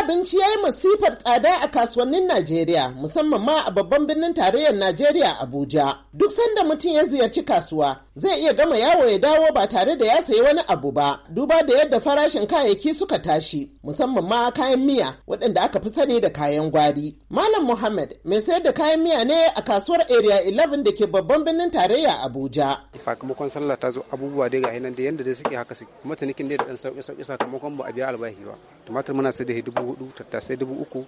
abinci ya yi masifar tsada a kasuwannin Najeriya musamman ma a babban birnin tarayyar Najeriya Abuja. Duk sanda mutum ya ziyarci kasuwa zai iya gama yawo ya dawo ba tare da ya sayi wani abu ba duba da yadda farashin kayayyaki suka tashi. musamman ma kayan miya waɗanda aka fi sani da kayan gwari. Malam Muhammad mai sayar da kayan miya ne a kasuwar Area 11 da ke babban birnin tarayya Abuja. Sakamakon sallah ta zo abubuwa dai ga hinan da yanda dai suke haka suke kuma cinikin dai da ɗan sauƙi sauƙi sakamakon ba a biya albashi ba. Tumatir muna sai da dubu hudu tattasai dubu uku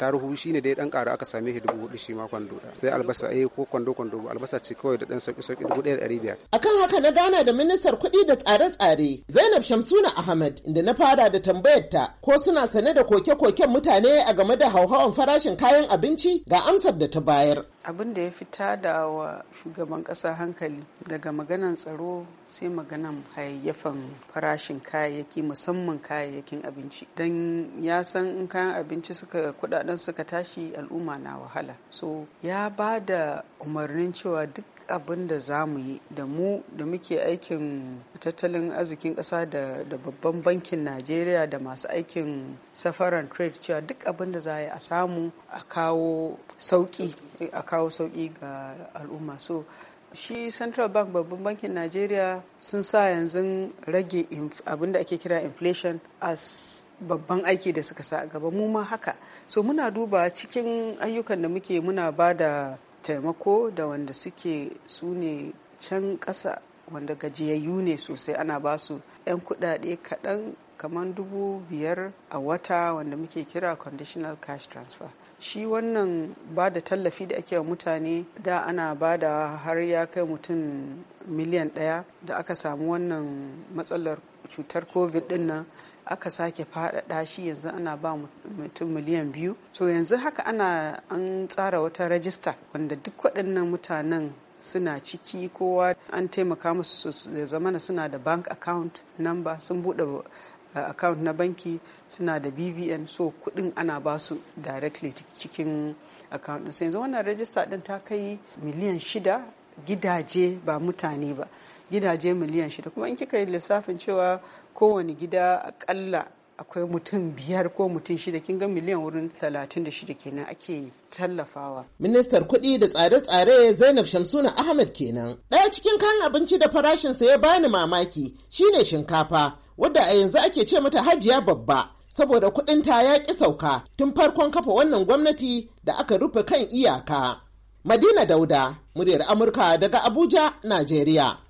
taruhu shi ne dai ɗan ƙara aka same shi dubu hudu shi ma kwando sai albasa eh ko kwando kwando albasa ce kawai da ɗan sauƙi sauƙi dubu ɗaya da ɗari biyar. Akan haka na gana da ministar kuɗi da tsare-tsare Zainab Shamsuna Ahmad inda na fara da tambayar ta da ko suna sane da koke-koken mutane a game da hauhawan farashin kayan abinci ga amsar da ta bayar. abin da ya fita da wa shugaban ƙasa hankali daga maganan tsaro sai maganan hayayyafan farashin kayayyaki musamman kayayyakin abinci don ya san in kayan abinci suka kudaden suka tashi al'umma na wahala so ya ba da umarnin cewa duk abin da za mu yi da mu da muke aikin tattalin arzikin ƙasa da babban bankin najeriya da masu aikin safaran trade cewa duk abin da za a yi a samu a kawo sauƙi a kawo sauki ga al'umma so shi central bank babban bankin najeriya sun sa yanzu rage abinda ake kira inflation as babban aiki da suka sa a gaba mu ma haka so muna duba cikin ayyukan da muke muna ba da taimako da wanda suke su ne can ƙasa wanda gajiyayyu ne sosai ana ba su 'yan kuɗaɗe kaɗan kamar dubu biyar a wata wanda muke kira conditional cash transfer shi wannan ba da tallafi da ake wa mutane da ana ba da har ya kai mutum miliyan ɗaya da aka samu wannan matsalar cutar covid din nan aka sake faɗaɗa shi yanzu ana ba mutum miliyan biyu to yanzu haka ana an tsara wata rajista wanda duk waɗannan mutanen suna ciki kowa an taimaka musu su zamana suna da bank account number sun buɗe account na banki suna da bbn so kudin ana ba su directly cikin account ɗinsu yanzu wannan register din ta kai miliyan shida gidaje ba mutane ba gidaje miliyan shida kuma in kika yi lissafin cewa kowane gida akalla akwai mutum biyar ko mutum shida kin ga miliyan wurin talatin da shida kenan ake tallafawa. Ministar kuɗi da tsare-tsare Zainab Shamsuna Ahmed kenan. Ɗaya cikin kan abinci da farashinsa ya bani mamaki shine shinkafa wadda a yanzu ake ce mata hajiya babba saboda kudinta ya ƙi sauka tun farkon kafa wannan gwamnati da aka rufe kan iyaka. Madina Dauda, muryar Amurka daga Abuja, Najeriya.